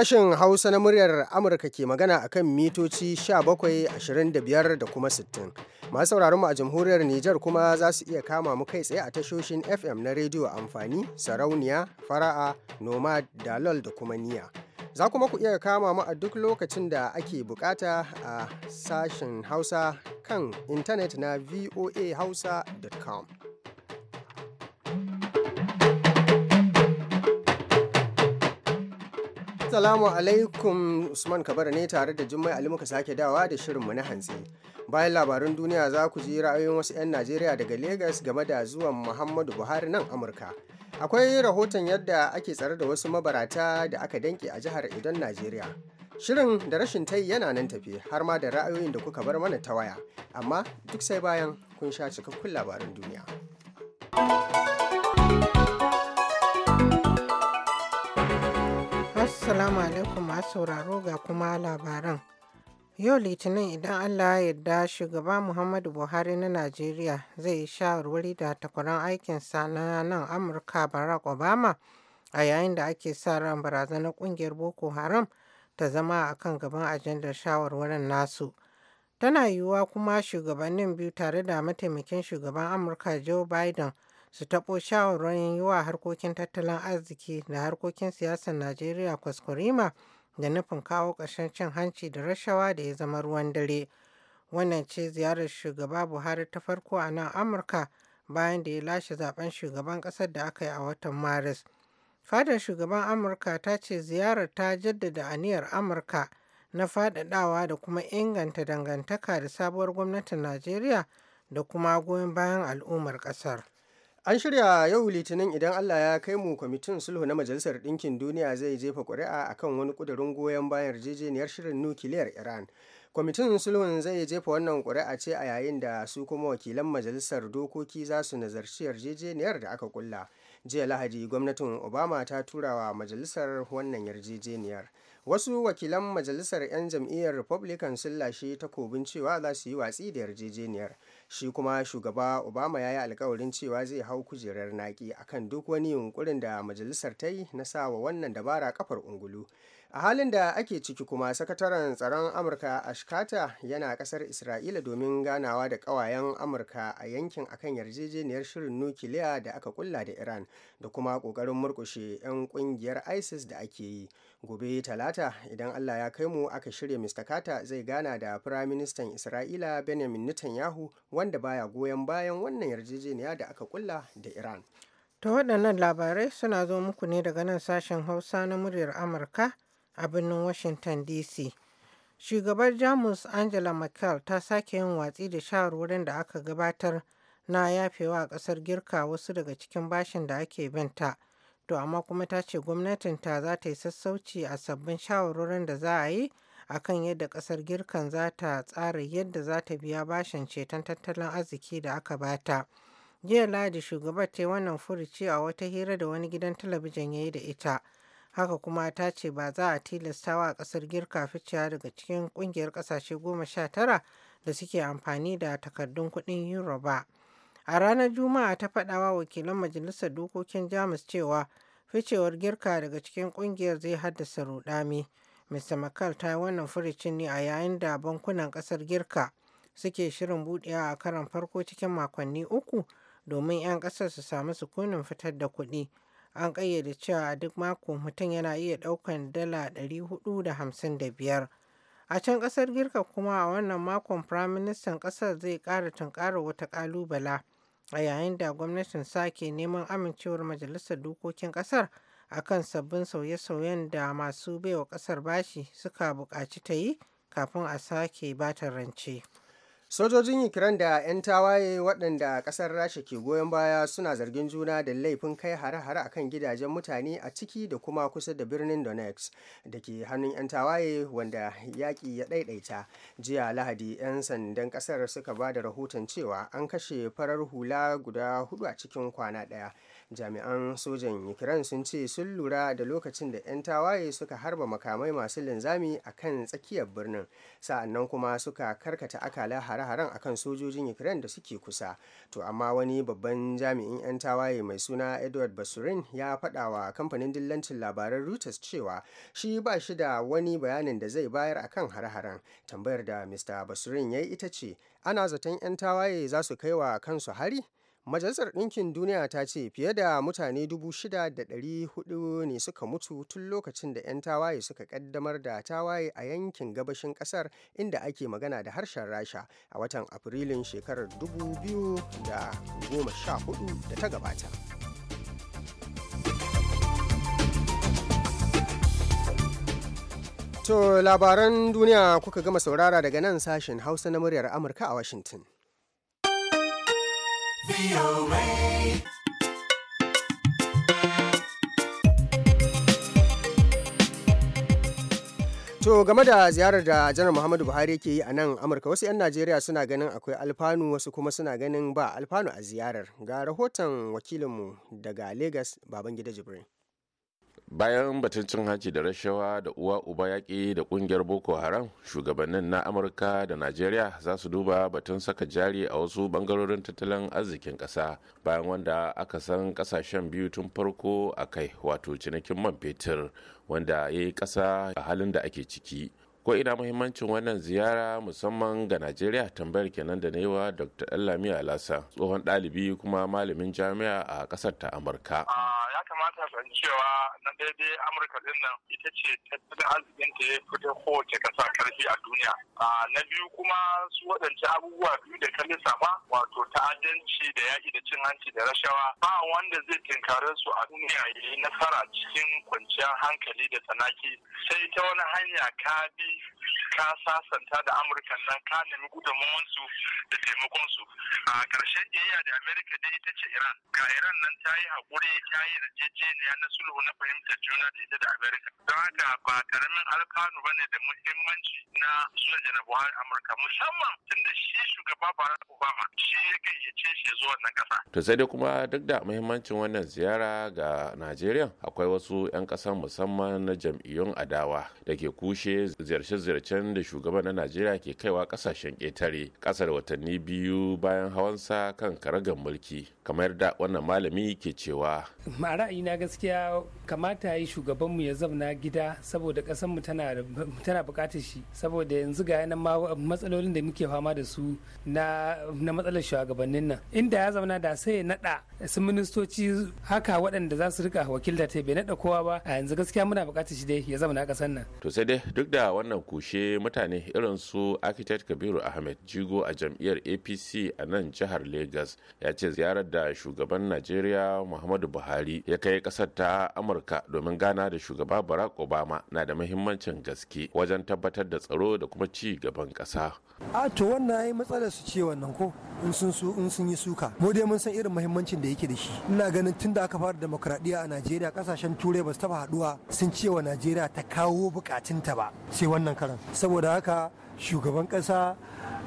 Sashen Hausa na muryar Amurka ke magana a kan mitoci 17,25 da kuma 60. Masu sauraron mu a jamhuriyar Nijar kuma za su iya kama mu kai tsaye a tashoshin FM na rediyo amfani, sarauniya, fara'a, nomad, dalol da kuma niya. Za kuma ku iya kama mu a duk lokacin da ake bukata a sashen Hausa kan intanet na voahausa.com. Assalamu alaikum Usman Kabara ne tare da Jummai Ali muka sake dawa da shirinmu na hantsi. Bayan labarun duniya za ku ji ra'ayoyin wasu 'yan Najeriya daga Legas game da zuwan Muhammadu Buhari nan Amurka. Akwai rahoton yadda ake tsare da wasu mabarata da aka danke a jihar Idon Najeriya. Shirin da rashin tai yana nan tafi har ma da ra'ayoyin da kuka bar mana ta waya, amma duk sai bayan kun sha cikakkun labaran duniya. Assalamu alaikum masu sauraro ga kuma labaran. Yau Litinin idan Allah ya yarda shugaba Muhammadu Buhari na Najeriya zai yi shawarwari da takwaran aikinsa na nan Amurka Barack Obama a yayin da ake sa ran barazanar kungiyar Boko Haram ta zama a kan gaban ajandar shawarwarin nasu. Tana yiwuwa kuma shugabannin biyu tare da mataimakin shugaban Amurka Joe Biden su taɓo shawarwarin yi wa harkokin tattalin arziki da harkokin siyasar Najeriya kwaskwarima da nufin kawo ƙarshen cin hanci da rashawa da ya zama ruwan dare. Wannan ce ziyarar shugaba Buhari ta farko a nan Amurka bayan da ya lashe zaben shugaban ƙasar da aka yi a watan Maris. Fadar shugaban Amurka ta ce ziyarar ta jaddada aniyar Amurka na faɗaɗawa da kuma inganta dangantaka da sabuwar gwamnatin Najeriya da kuma goyon bayan al'ummar ƙasar. An shirya yau Litinin idan Allah ya kai mu kwamitin sulhu na Majalisar Ɗinkin Duniya zai jefa ƙuri'a a kan wani ƙudurin goyon bayan yarjejeniyar shirin nukiliyar Iran. Kwamitin sulhun zai jefa wannan ƙuri'a ce a yayin da su kuma wakilan Majalisar Dokoki za su nazarci yarjejeniyar da aka kulla. Jiya Lahadi gwamnatin Obama ta tura wa Majalisar wannan yarjejeniyar. wasu wakilan majalisar 'yan jam'iyyar republican sun lashe takobin cewa za su yi watsi da yarjejeniyar shi kuma shugaba obama ya yi alkawarin cewa zai hau kujerar naki akan duk wani yunkurin da majalisar ta yi na sawa wannan dabara kafar ungulu a halin da ake ciki kuma sakataren tsaron amurka a ashkata yana kasar isra'ila domin ganawa da kawayen amurka a yankin akan yarjejeniyar shirin nukiliya da aka kulla da iran da kuma kokarin murkushe 'yan kungiyar isis da ake yi gobe talata idan allah ya kai mu aka shirya mr carter zai gana da firaministan isra'ila benjamin netanyahu wanda baya goyon bayan wannan yarjejeniya da aka kulla da iran ta waɗannan labarai suna zo muku ne daga nan sashen hausa na muryar amurka a birnin Washington DC. Shugabar Jamus Angela Merkel ta sake yin watsi da shawarwarin da aka gabatar na yafewa a ƙasar Girka wasu daga cikin bashin da ake binta. To amma kuma ta ce gwamnatinta za ta yi sassauci a sabbin shawarwarin da za a yi a kan yadda ƙasar Girkan za ta tsara yadda za ta biya bashin ceton tattalin arziki da aka bata. Jiya Ladi shugabar ta yi wannan furuci a wata hira da wani gidan talabijin ya yi da ita. haka kuma ta ce ba za a tilasta wa ƙasar girka ficewa daga cikin ƙungiyar ƙasashe goma sha tara da suke amfani da takardun kuɗin euro ba a ranar juma'a ta faɗawa wakilan majalisar dokokin jamus cewa ficewar girka daga cikin ƙungiyar zai haddasa rudami mr mccall ta yi wannan furicin ne a yayin da bankunan ƙasar girka suke shirin buɗewa a karan farko cikin makonni uku domin 'yan ƙasar su samu sukunin fitar da kuɗi an ƙayyade cewa a duk mako mutum yana iya ɗaukan dala 455. A can ƙasar Girka kuma a wannan makon Firaministan ƙasar zai ƙara tunƙara wata ƙalubala a yayin da gwamnatin sake neman amincewar Majalisar Dokokin ƙasar kan sabbin sauye-sauyen da masu baiwa ƙasar bashi suka buƙaci ta yi kafin a sake bata rance. sojojin ukraine da 'yan tawaye waɗanda ƙasar rasha ke goyon baya suna zargin juna da laifin kai hare-hare akan gidajen mutane a ciki da kuma kusa da birnin donetsk da ke hannun 'yan tawaye wanda yaƙi ya ɗaiɗaita jiya lahadi 'yan sandan ƙasar suka ba da rahoton cewa an kashe farar hula guda hudu a cikin kwana ɗaya jami'an sojan ukraine sun ce sun lura da lokacin da 'yan tawaye suka harba makamai masu linzami a kan tsakiyar birnin sa'annan kuma suka karkata akala hare-haren kan sojojin ukraine da suke kusa to amma wani babban jami'in 'yan tawaye mai suna edward basurin ya faɗa wa kamfanin dillancin labaran reuters cewa shi ba shi da wani bayanin da zai bayar a kan hare-haren tambayar da mr basurin ya yi ita ce ana zaton 'yan tawaye za su kai wa kansu hari Majalisar Ɗinkin Duniya ta ce fiye da mutane 6,400 ne suka mutu tun lokacin da 'yan tawaye suka ƙaddamar da tawaye a yankin gabashin ƙasar inda ake magana da harshen Rasha a watan Afrilun shekarar 2014 da ta gabata. To labaran duniya kuka gama saurara daga nan sashen Hausa na muryar Amurka a Washington. To game da ziyarar da janar Muhammadu Buhari ke yi a nan Amurka wasu 'yan Najeriya suna ganin akwai alfanu wasu kuma suna ganin ba alfanu a ziyarar ga rahoton wakilinmu daga Legas Babangida Jibril. bayan batun cin hanci da rashawa da uwa uba yaƙi da ƙungiyar boko haram shugabannin na amurka da najeriya za su duba batun saka jari a wasu bangarorin tattalin arzikin ƙasa bayan wanda aka san ƙasashen biyu tun farko a kai wato cinikin man fetur wanda ya yi ƙasa a halin da ake ciki ko ina muhimmancin wannan ziyara musamman ga najeriya tambayar kenan da na yi wa dr allami alasa tsohon ɗalibi kuma malamin jami'a a ƙasar ta amurka ta sani cewa na daidai amurka din nan ita ce tattalin arzikin ta ya fito kowace kasa karfi a duniya na biyu kuma su waɗance abubuwa biyu da ka ba, wato ta'addanci da yaƙi da cin hanci da rashawa ba wanda zai tinkare su a duniya ya yi nasara cikin kwanciyar hankali da tsanaki sai ta wani hanya ka bi ka sasanta da amurka nan ka nemi gudunmawansu da taimakonsu a ƙarshen iya da Amurka dai ita ce iran ga iran nan ta yi haƙuri ta yi yarjejeniya na sulhu na fahimtar juna da ita da Amerika. Don haka ba karamin alkanu ba ne da muhimmanci na soja na Buhari Amurka musamman tun da shi shugaba Barack Obama shi ya gayyace shi zo wannan kasa. To sai dai kuma duk da muhimmancin wannan ziyara ga Najeriya akwai wasu 'yan ƙasa musamman na jam'iyyun adawa da ke kushe ziyarce-ziyarcen da shugaban na Najeriya ke kaiwa ƙasashen ƙetare ƙasar watanni biyu bayan hawansa kan karagar mulki kamar da wannan malami ke cewa. Ma na gaskiya kamata yi shugabanmu ya zauna gida saboda ƙasarmu tana buƙatar shi saboda yanzu ga yanan matsalolin da muke fama da su na matsalar shugabannin nan inda ya zauna da sai ya naɗa su ministoci haka waɗanda za su rika wakilta ta bai naɗa kowa ba a yanzu gaskiya muna buƙatar shi dai ya zauna ƙasar nan. to sai dai duk da wannan kushe mutane irin su architect kabiru ahmed jigo a jam'iyyar apc a nan jihar lagos ya ce ziyarar da shugaban najeriya muhammadu buhari ya kai kai kasar ta amurka domin gana da shugaba barack obama na da muhimmancin gaske wajen tabbatar da tsaro da kuma ci gaban kasa a to wannan yi matsalar su ce wannan ko in sun sun yi suka mu dai mun san irin muhimmancin da yake da shi ina ganin tun da aka fara demokradiyya a najeriya kasashen turai ba su taba haduwa sun ce wa najeriya ta kawo ta ba sai wannan karan saboda haka shugaban kasa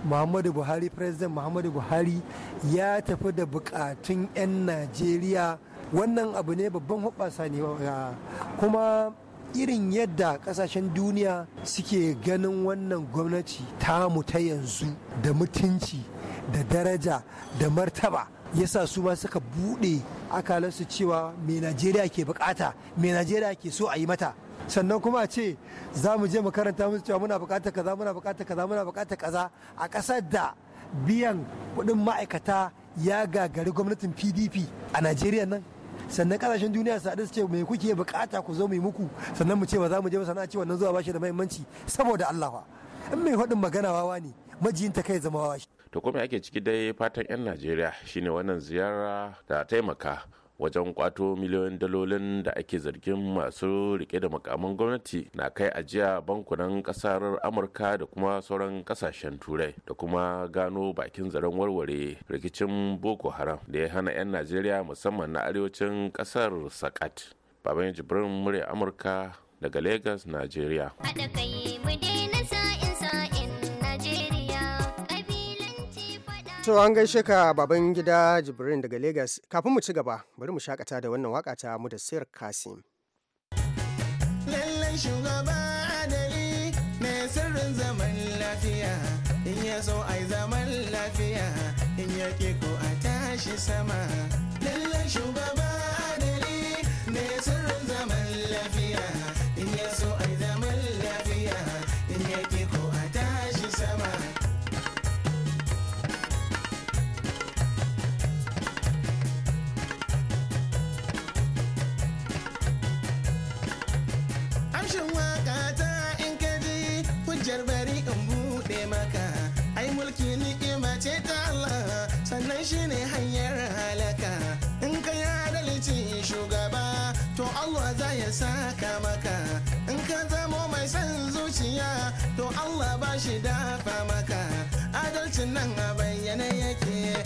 muhammadu buhari president muhammadu buhari ya tafi da bukatun 'yan najeriya wannan abu ne babban hoɓɓasa ne kuma irin yadda ƙasashen duniya suke ganin wannan gwamnati ta ta yanzu da mutunci da daraja da martaba yasa su ma suka buɗe akalansu cewa mai najeriya ke bukata mai najeriya ke so a yi mata sannan kuma a ce za mu je makaranta musu cewa muna bukata kaza muna bukata kaza muna bukata kaza a ƙasar da biyan kuɗin ma'aikata ya gagari gwamnatin pdp a najeriya nan sannan kasashen duniya su haɗu su ce mai kuke bukata ku zo mai muku sannan mu ce ba za mu je ba sana'a ce wannan zuwa bashi da muhimmanci saboda Allah fa in mai faɗin magana wawa ne majiyinta kai zama wawa to kuma ake ciki dai fatan yan Najeriya shine wannan ziyara da taimaka wajen kwato miliyoyin dalolin da ake zargin masu rike da makaman gwamnati na kai ajiya bankunan kasar amurka da kuma sauran kasashen turai da kuma gano bakin zaren warware rikicin boko haram da ya hana 'yan najeriya musamman na arewacin kasar sakat baban jibrin murya amurka daga lagos najeriya To an gaishe ka baban gida Jibrin daga lagos Kafin mu ci gaba, bari mu shakata da wannan waka ta mu da Sir Kasim. Lallai shugaba adali mai sirrin zaman lafiya, in ya so ai zaman lafiya, in ya ko a tashi sama. shida fa maka adalcin nan a bayyane yake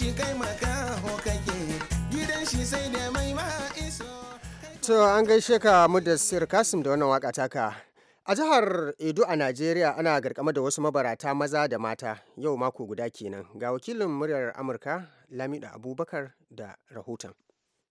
shi kai makaho kake gidan shi sai da mai to an gaishe ka mudassir kasim da wannan waka taka a jihar edo a najeriya ana garkama da wasu mabarata maza da mata yau mako guda kenan ga wakilin muryar amurka lamida abubakar da rahoton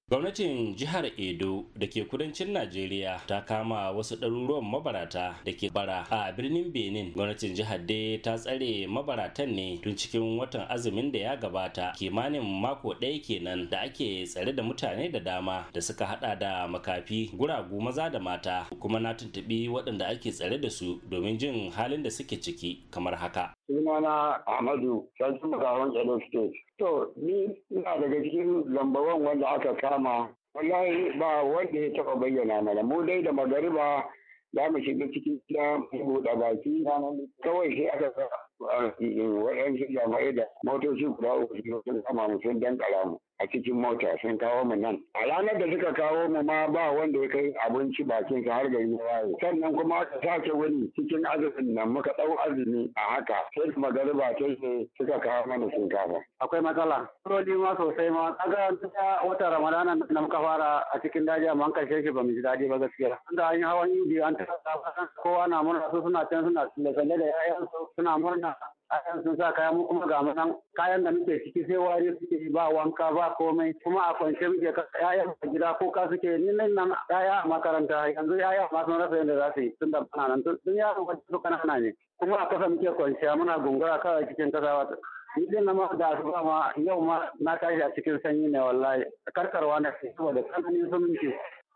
gwamnatin jihar edo da ke kudancin najeriya ta kama wasu ɗaruruwan mabarata da ke bara a birnin benin gwamnatin jihar dai ta tsare mabaratan ne tun cikin watan azumin da ya gabata kimanin mako ɗaya kenan da ake tsare da mutane da dama da suka hada da makafi guragu maza da mata kuma na tuntuɓi waɗanda ake tsare da su domin jin halin da suke ciki kamar haka sunana Ahmadu sarkin Bakawan Edo State. To, ni ina daga cikin lambawan wanda aka kama, wallahi ba wanda ya taɓa bayyana mana. Mu dai da magariba za mu shiga cikin gida mu buɗa baki kawai sai aka waɗansu jama'ai da motoci guda uku sun kama mu sun dankala mu a cikin mota sun kawo mu nan. A ranar da suka kawo mu ma ba wanda ya kai abinci bakin sa har da ya waye. Sannan kuma aka sake wani cikin azumin nan muka dau azumi a haka sai da magariba ta suka kawo mana shinkafa. Akwai matsala. Roli ma sosai ma kaga ta wata Ramadana da muka fara a cikin daji amma an karshe shi ba mu ji daji ba gaskiya. Da an yi hawan biyu an ta kowa na murna su suna can suna tsalle da 'ya'yansu suna murna mana ayan sun sa kaya mu kuma ga mu nan kayan da muke ciki sai wari suke ba wanka ba komai kuma a kwance muke yaya a gida ko ka suke ni nan nan yaya a makaranta yanzu yaya ma sun rasa yadda za su yi tun da bana nan tun yaran kwanci su kanana ne kuma a kasa muke kwanciya muna gungura kawai cikin kasa ni din na ma da asuba ma yau ma na tashi a cikin sanyi ne wallahi karkarwa na saboda tsananin zumunci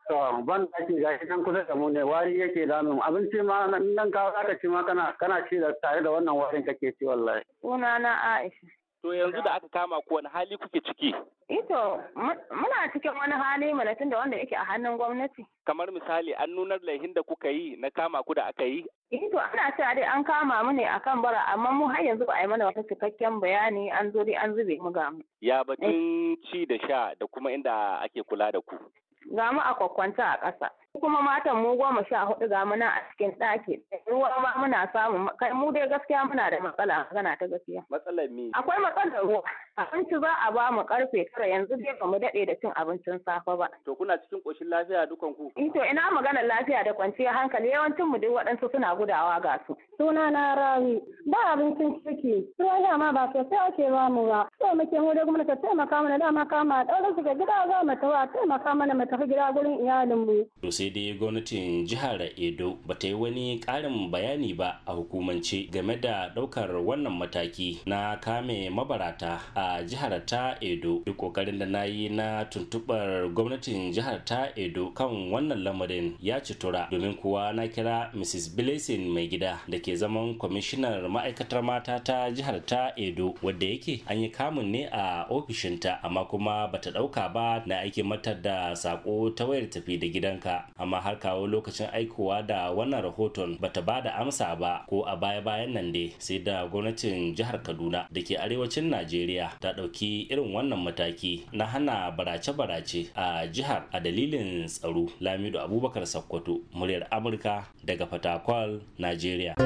ban da ke gashi nan kusa da mu ne wari yake mu abinci ma nan ka zaka ci ma kana kana ci da tare da wannan warin kake ci wallahi una na Aisha to yanzu da aka kama ku wani hali kuke ciki ito eh muna cikin wani hali mana tunda wanda yake a hannun gwamnati kamar misali an nunar laihin da kuka yi na kama ku da aka yi ito eh ana cewa dai an kama mu ne akan bara amma mu har yanzu ba a yi mana wata cikakken bayani an zo dai an zube mu ga mu ya batun ci da sha da kuma inda ake kula da ku ga mu a kwakwanta a ƙasa kuma matan mu goma sha hudu ga muna a cikin ɗaki ruwa ma muna samu kai mu dai gaskiya muna da matsala magana ta gaskiya matsalar me akwai matsalar ruwa abinci za a ba mu karfe tara yanzu dai ba mu daɗe da cin abincin safe ba to kuna cikin ƙoshin lafiya dukan ku to ina magana lafiya da kwanciyar hankali yawancin mu duk waɗansu suna gudawa ga su suna na rawi ba abincin ciki ruwan ma ba sosai ake ba mu ba so muke mu da gwamnati taimaka mana dama kama daura su ga gida za mu tawa taimaka mana mu tafi gida gurin iyalin mu to sai dai gwamnatin jihar Edo ba ta yi wani ƙarin bayani ba a hukumance game da ɗaukar wannan mataki na kame mabarata a jihar ta Edo duk kokarin da na yi na tuntuɓar gwamnatin jihar ta Edo kan wannan lamarin ya ci tura domin kuwa na kira Mrs. Blessing mai gida da ke zaman kwamishinan ma'aikatar mata ta jihar ta edo wadda yake an yi kamun ne a ofishinta amma kuma bata dauka ba na aiki mata da sako ta wayar tafi da gidanka amma har kawo lokacin aikowa da wannan rahoton bata ba da amsa ba ko a baya bayan nan dai sai da gwamnatin jihar kaduna da ke arewacin najeriya ta dauki irin wannan mataki na hana barace-barace a jihar a dalilin tsaro lamido abubakar sakkwato muryar amurka daga fatakwal najeriya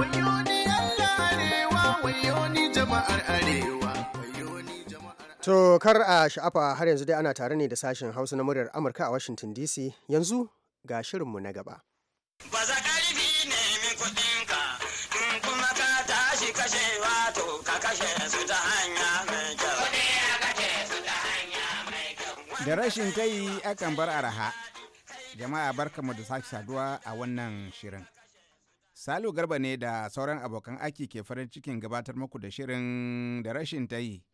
To kar a sha'afa har yanzu dai ana tare ne da sashen Hausa na muryar Amurka a Washington DC yanzu ga shirinmu na gaba. nemi tashi Da rashin kai akan bar araha. Jama'a barkamu da sake saduwa a wannan shirin. Salu Garba ne da sauran abokan aiki ke farin cikin gabatar muku da shirin da rashin ta yi.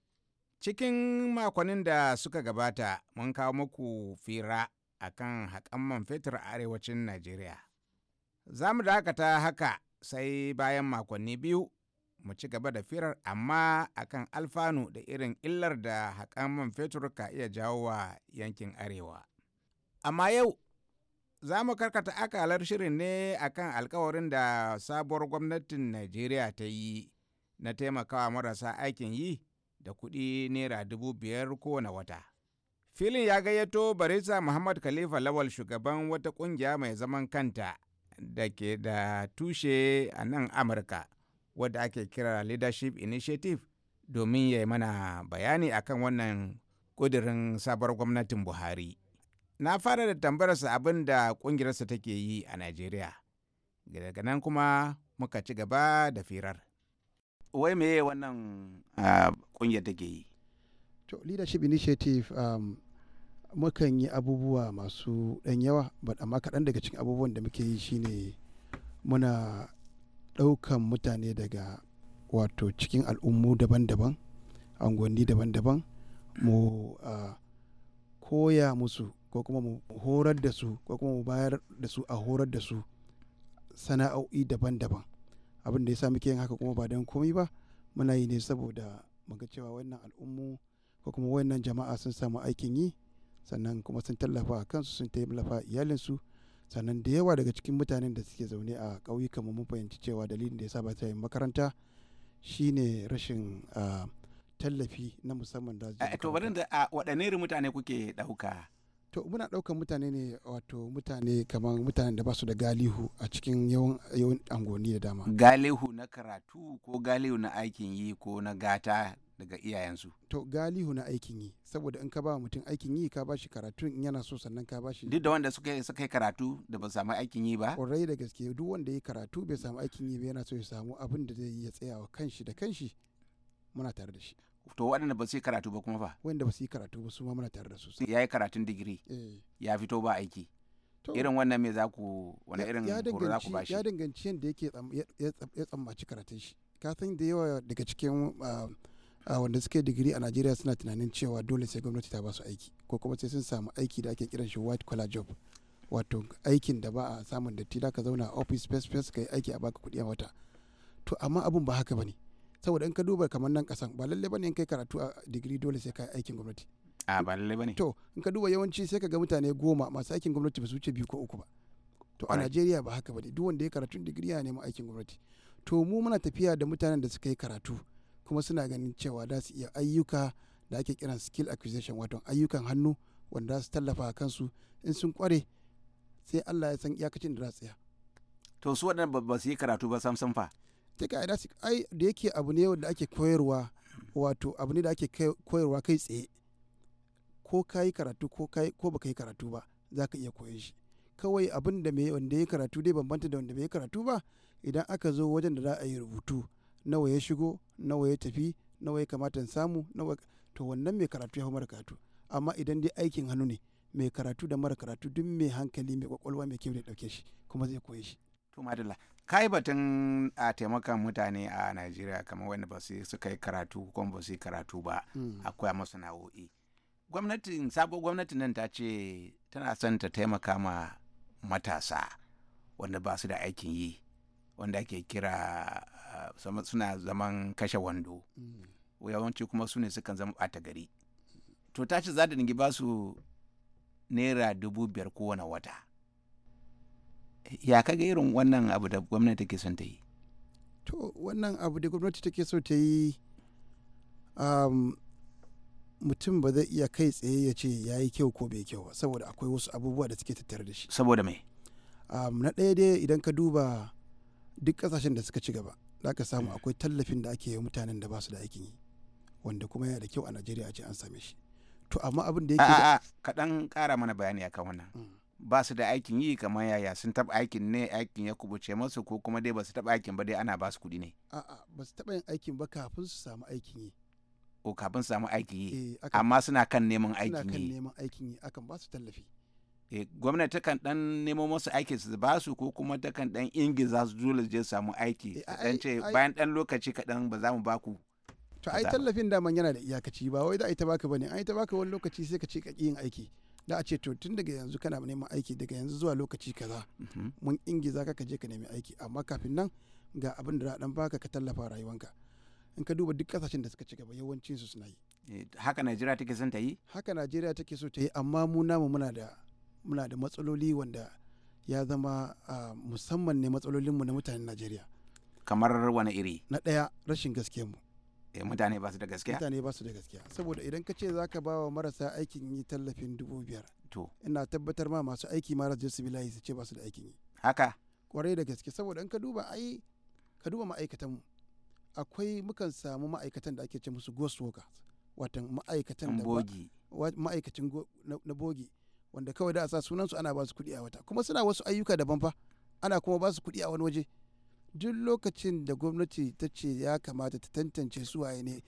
Cikin makonin da suka gabata mun kawo muku fira a kan haƙan man fetur a arewacin Najeriya. Za mu dakata haka sai bayan makonni biyu mu ci gaba da firar amma akan alfanu da irin illar da haƙan man fetur ka iya jawo wa yankin arewa. Amma yau za mu karkata akalar shirin ne akan alkawarin da sabuwar gwamnatin najeriya ta yi na taimakawa marasa aikin yi da kuɗi naira dubu biyar kowane wata filin ya gayyato barisa muhammad khalifa lawal shugaban wata ƙungiya mai zaman kanta da ke da tushe a nan amurka wadda ake kira leadership initiative domin ya yi mana bayani akan wannan ƙudirin sabuwar gwamnatin buhari na fara da tambayarsa abin da ƙungiyarsa take yi a najeriya daga nan kuma muka ci gaba da firar wai meye wannan ƙungiyar take yi to leadership initiative um, mukan yi abubuwa masu ɗan yawa amma kaɗan daga cikin abubuwan da muke yi shine muna ɗaukan mutane daga wato cikin al'ummu daban-daban angonni daban-daban mu uh, koya musu ko kuma mu horar da su ko kuma mu bayar da su a horar da su sana'o'i daban-daban abin da ya sa muke yin haka kuma ba don komai ba muna yi ne saboda muga cewa wannan al'ummu ko kuma wannan jama'a sun samu aikin yi sannan kuma sun tallafa a kansu sun tallafa iyalinsu sannan da yawa daga cikin mutanen da suke zaune a ƙauyukan mun fahimci cewa dalilin da ya sa ba ta yin makaranta shine rashin ah, tallafi na musamman da eh, to ah, waɗanne mutane kuke ɗauka to muna ɗaukan mutane ne wato mutane kamar mutanen da ba su da galihu a cikin yawan yawan angoni da dama galihu na karatu ko galihu na aikin yi ko na gata daga iyayensu to galihu na aikin yi saboda in ka ba mutum aikin yi ka ba shi karatu in yana so sannan ka ba shi duk da wanda suka suka yi karatu da ba samu aikin yi ba kwarai da gaske duk wanda ya karatu bai samu aikin yi ba yana so ya samu abin da zai iya tsayawa kanshi da kanshi muna tare da shi to waɗanda ba su yi karatu ba kuma ba waɗanda ba su yi karatu ba su ma muna tare da su ya yi karatun digiri eh. ya fito ba aiki irin wannan me za ku wani irin horo za ku ba shi ya danganci yadda yake ya tsammaci karatun shi ka san da yawa daga cikin ah, ah, wanda suke digiri a Najeriya suna tunanin cewa dole sai gwamnati ta ba su aiki ko kuma sai sun samu aiki da ake kiran shi white collar job wato aikin da ba a samun datti da ka zauna a office space space ka yi aiki a baka kuɗi a wata to amma abun ba haka bane saboda in ka duba kamar nan kasan ba lalle bane in kai karatu a digiri dole sai ka aikin gwamnati a ba lalle bane to in ka duba yawanci sai ka ga mutane goma masu aikin gwamnati ba su wuce biyu ko uku ba to a Najeriya ba haka bane duk wanda ya karatu digiri yana nema aikin gwamnati to mu muna tafiya da mutanen da suka yi karatu kuma suna ganin cewa za su iya ayyuka da ake kiran skill acquisition wato ayyukan hannu wanda su tallafa kansu in sun kware sai Allah ya san iyakacin da za su tsaya to su waɗanda ba su yi karatu ba sam sam fa ta ka ai da yake abu ne wanda ake koyarwa wato abu ne da ake koyarwa kai tsaye ko ka yi karatu ko ka ko baka yi karatu ba za ka iya koyon shi kawai abin da mai wanda ya karatu dai bambanta da wanda bai karatu ba idan aka zo wajen da za a yi rubutu nawa ya shigo nawa ya tafi nawa ya kamata in samu nawa to wannan mai karatu ya fi mara karatu amma idan dai aikin hannu ne mai karatu da mara karatu duk mai hankali mai kwakwalwa mai kyau da dauke shi kuma zai koye shi to madalla kai batun a taimakon mutane a najeriya kamar wanda ba su suka yi karatu kuma ba su yi karatu ba mm. akwai masana'o'i. gwamnatin sabon gwamnatin nan ta ce tana son ta taimaka ma matasa wanda ba su da aikin yi wanda ake kira suna zaman kashe wando mm. yawanci kuma su ne sukan zama ɓata gari to ta ce za ba su naira dubu biyar kowane wata ya kaga irin wannan abu da gwamnati take son ta yi to wannan abu da gwamnati take so ta yi um, mutum ba zai iya kai tsaye ya ce ya yi kyau ko bai kyau saboda akwai wasu abubuwa da suke tattare da shi saboda mai um, na ɗaya dai idan ka duba duk ƙasashen da suka ci gaba za ka samu mm. akwai tallafin da ake yi mutanen da ba su da aikin yi wanda kuma yana da kyau a najeriya ce an same shi to amma abin da yake kaɗan ƙara mana bayani akan wannan mm. ba su da aikin yi kamar yaya sun taɓa aikin ne aikin ya kubuce masu ko kuma dai ba su taɓa aikin ba dai ana ba su kuɗi ne a'a ba su taɓa yin aikin ba kafin su samu aikin yi o kafin su samu aikin yi eh, amma suna kan neman aikin yi suna kan neman aikin yi akan ba su tallafi e gwamnati kan dan nemo musu aikin su ba su ko kuma ta kan dan ingiza su dole je samu aiki dan eh, ce bayan dan lokaci kaɗan ba za mu ba ku to ai tallafin daman yana da iyakaci ba wai da ai ta baka bane ai ta baka wani lokaci sai ka ce ka yin aiki da a ce to tun daga yanzu kana neman aiki daga yanzu zuwa lokaci kaza mhm. mun ingiza ka ka je ka nemi aiki amma kafin nan ga abin da dan baka ka tallafa rayuwanka in ka duba duk kasashen da suka ci gaba yawancin su suna yi eh, haka Najeriya take son ta yi haka Najeriya take so ta yi amma mu namu muna da muna da matsaloli wanda ya zama musamman ne matsalolinmu na mutanen Najeriya kamar wani iri na ɗaya rashin gaskiyar mu Eh, mutane ba su da gaskiya mutane ba su da gaskiya saboda idan ka ce za ka ba wa marasa aikin yi tallafin dubu biyar to ina tabbatar ma masu aiki mara jesu bilayi su ce ba su da aikin yi haka kwarai da gaske saboda in ka duba ai ka duba ma'aikatanmu akwai mukan samu ma'aikatan da ake ce musu ghost workers watan ma'aikatan da bogi ma'aikacin na bogi wanda kawai da a sa sunansu ana ba su kuɗi a wata kuma suna wasu ayyuka daban fa ana kuma ba su kuɗi a wani waje duk lokacin da gwamnati ta ce ya kamata ta tantance su waye ne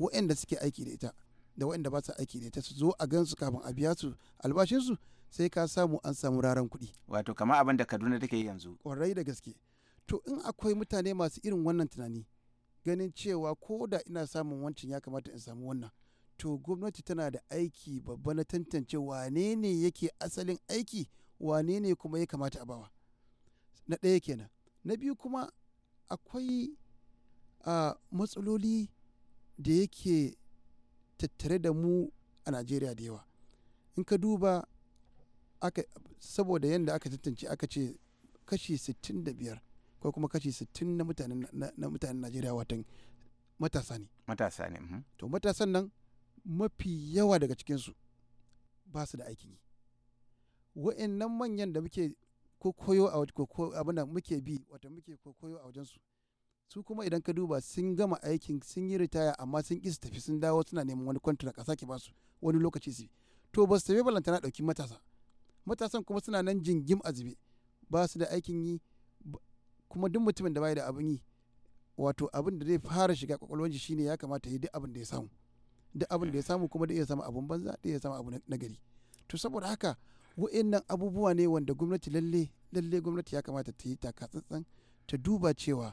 waɗanda suke aiki da ita da waɗanda ba su aiki da ita su zo a gansu kafin a biya su albashinsu sai ka samu an samu raran kuɗi. Wato kama abin da Kaduna take yanzu. Kwarai da gaske. To in akwai mutane masu irin wannan tunani ganin cewa ko da ina samun wancan ya kamata in samu wannan. To gwamnati tana da aiki babba na tantance wane ne yake asalin aiki wane ne kuma ya kamata a bawa. Na ɗaya kenan. na biyu kuma akwai uh, matsaloli da yake tattare da mu a najeriya da yawa in ka duba aka, saboda yadda aka tantance aka ce kashi 65 ko kuma kashi 60 na mutanen na, mutanen najeriya watan matasa ne matasa ne mm -hmm. to matasan nan mafi yawa daga cikinsu ba su da aikin yi nan manyan da muke Ko koyo a abin da muke bi wata muke koyo a wajensu su kuma idan ka duba sun gama aikin sun yi ritaya amma sun ƙi su tafi sun dawo suna neman wani contract a sake basu wani lokaci su to ba su tafi balanta na ɗauki matasa matasan kuma suna nan jingim a zube ba su da aikin yi kuma duk mutumin da bai da abin yi wato abin da zai fara shiga kwakwalwar shi shine ya kamata yi duk abin da ya samu duk abin da ya samu kuma da iya samu abun banza da iya samu abu nagari to saboda haka wa'annan abubuwa ne wanda gwamnati lalle lalle gwamnati ya kamata ta yi takatsantsan ta duba cewa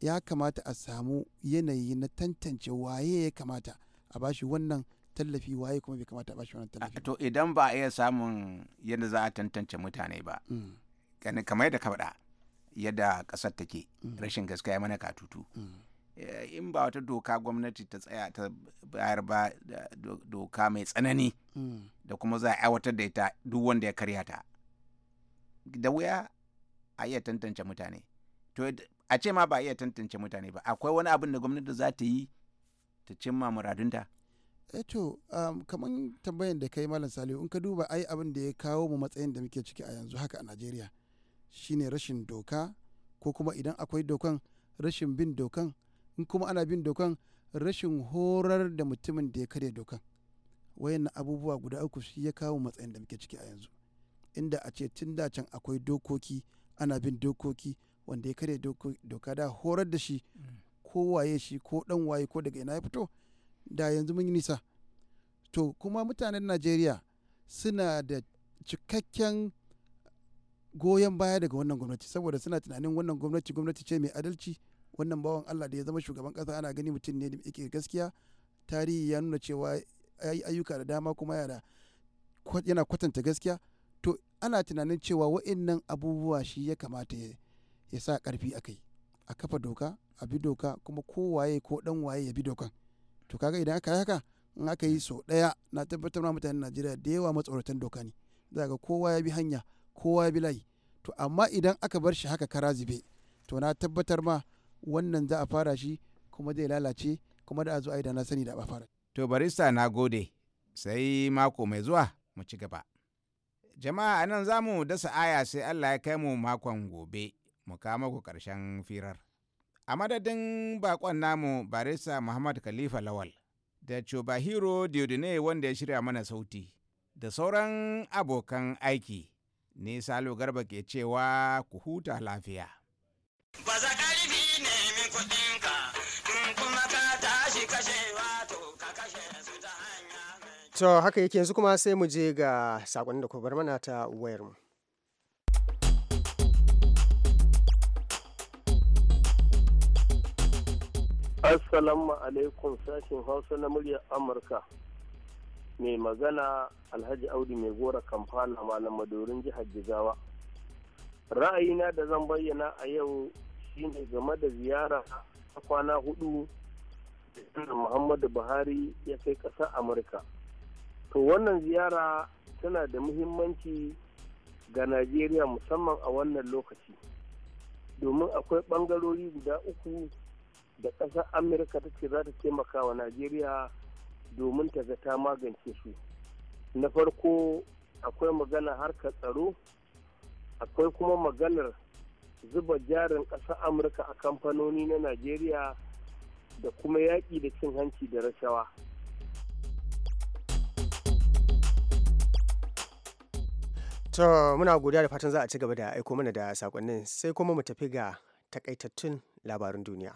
ya kamata a samu yanayi na tantance waye ya kamata a bashi wannan tallafi waye kuma bai kamata a bashi wannan tallafi to idan ba a iya samun yadda za a tantance mutane ba mm. kamar yadda ka faɗa yadda ƙasar take mm. rashin gaskiya mana tutu. Mm. Eh, in ba wata doka gwamnati ta tsaya ta bayar ba doka mai tsanani hmm. da kuma za a aiwatar da ita duk wanda ya karya ta da wuya a iya tantance mutane to a ce ma ba a iya tantance mutane ba akwai wani abin da gwamnati za ta yi ta cimma muradunta E um, kamar tambayan da kai malam salihu in ka duba ai abin da ya kawo mu matsayin da muke ciki a yanzu haka a najeriya shine rashin doka ko kuma idan akwai dokan rashin bin dokan in kuma ana bin dokan rashin horar da mutumin da ya karya dokan wayannan abubuwa guda uku shi ya kawo matsayin da muke ciki a yanzu inda a ce tun da can akwai dokoki ana bin dokoki wanda ya karya doka da horar da shi ko waye shi ko dan waye ko daga ina ya fito da yanzu mun yi nisa to kuma mutanen najeriya suna da cikakken goyon baya daga wannan gwamnati saboda suna tunanin wannan gwamnati gwamnati ce mai adalci wannan bawan Allah da ya zama shugaban kasa ana gani mutum ne da yake gaskiya tarihi ya nuna cewa yayi ayyuka da dama kuma yana yana kwatanta gaskiya to ana tunanin cewa wa'annan abubuwa shi ya kamata ya sa karfi a kai a kafa doka a bi doka kuma kowaye ko dan waye ya bi dokan to kaga idan aka yi haka in aka yi so daya na tabbatar ma mutanen Najeriya da yawa matsoratan doka ne za ga kowa ya bi hanya kowa ya bi layi to amma idan aka bar shi haka kara zube to na tabbatar ma wannan za a fara shi kuma zai lalace kuma da a zo a yi da na sani da ba fara. To barista na gode sai mako mai zuwa mu ci gaba. Jama'a anan za mu dasa aya sai Allah ya kai mu makon gobe mu kama ku karshen firar. A madadin bakon namu barista Muhammad Khalifa Lawal da hero Diodine wanda ya shirya mana sauti da sauran abokan aiki. Ni Salo Garba ke cewa ku huta lafiya. Ba to haka yake yanzu kuma sai mu je ga saƙon da ku bar mana ta wayar mu Assalamu alaikum sashen Hausa na muryar Amurka. Mai magana Alhaji Audu mai gora kamfana malam madorin jihar Jigawa. Ra'ayina da zan bayyana a yau shine game da ziyara ta kwana hudu da muhammadu buhari ya kai ƙasar amurka to wannan ziyara tana da muhimmanci ga najeriya musamman a wannan lokaci domin akwai ɓangarori guda uku da ƙasar amurka ta ce za ta taimaka wa najeriya domin ta ga ta magance su na farko akwai magana harkar tsaro akwai kuma maganar zuba jarin ƙasar amurka a kamfanoni na najeriya da kuma yaƙi da cin hanci da rashawa to muna godiya da fatan za a ci gaba da aiko mana da sakonnin sai kuma mu tafi ga takaitattun labarin duniya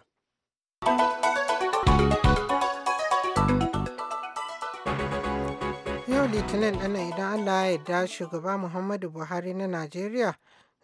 yau litinin ɗana idan allah ya yarda shugaba muhammadu buhari na najeriya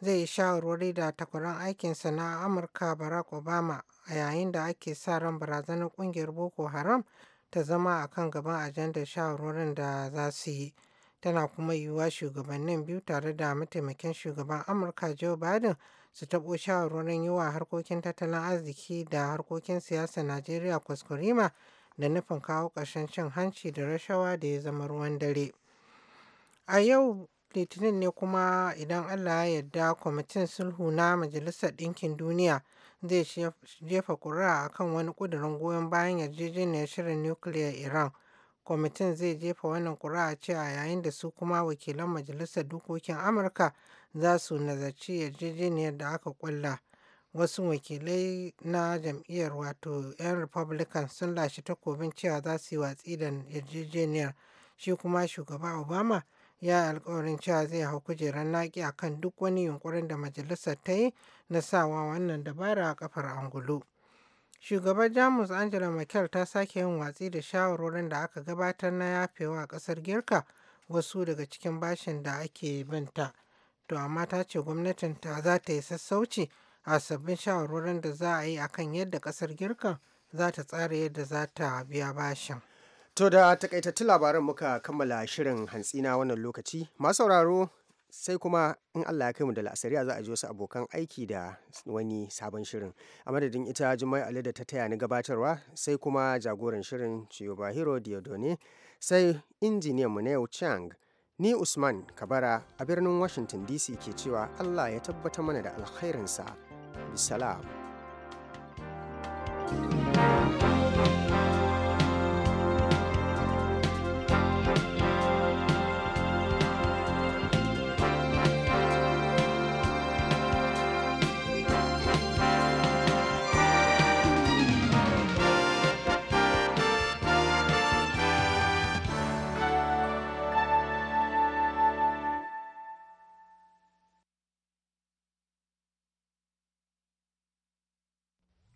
zai yi shawarwari da takwaran aikinsa na Amurka Barack Obama a yayin da ake sa ran barazanar kungiyar Boko Haram ta zama a kan gaban ajandar shawarwarin da za su yi. Tana kuma yiwuwa shugabannin biyu tare da mataimakin shugaban Amurka Joe Biden su taɓo shawarwarin yi wa harkokin tattalin arziki da harkokin siyasa Najeriya kwaskwarima da nufin kawo ƙarshen cin hanci da rashawa da ya zama ruwan dare. A yau Litinin ne kuma idan Allah ya yarda kwamitin sulhu na Majalisar Ɗinkin Duniya zai jefa ƙuri'a akan wani ƙudurin goyon bayan yarjejeniyar shirin nukiliyar Iran. Kwamitin zai jefa wannan ƙuri'a ce a yayin da su kuma wakilan Majalisar Dokokin Amurka za su nazarci yarjejeniyar da aka ƙulla. Wasu wakilai na jam'iyyar wato 'yan Republican sun lashe takobin cewa za su yi watsi da yarjejeniyar. Shi kuma shugaba Obama ya alkawarin cewa zai hau kujerar a kan duk wani yunkurin da majalisar ta yi na sawa wannan dabara a kafar angulu. Shugaban Jamus Angela Merkel ta sake yin watsi da shawarorin da aka gabatar na yafewa a kasar Girka wasu daga cikin bashin da ake binta. To amma ta ce gwamnatin ta za ta yi sassauci a sabbin shawarorin da za a yi akan yadda kasar Girka za ta tsara yadda za ta biya bashin. To da takaitattun labaran muka kammala shirin hantsi na wannan lokaci. masu sauraro sai kuma in Allah ya kai mu da la'asariya za a ji wasu abokan aiki da wani sabon shirin. A madadin ita Jummai Ali da ta taya ni gabatarwa sai kuma jagoran shirin bahiro Diodone sai injiniyan mu na yau Chang. Ni Usman Kabara a birnin Washington DC ke cewa Allah ya tabbatar mana da alkhairinsa. Bisalam. thank you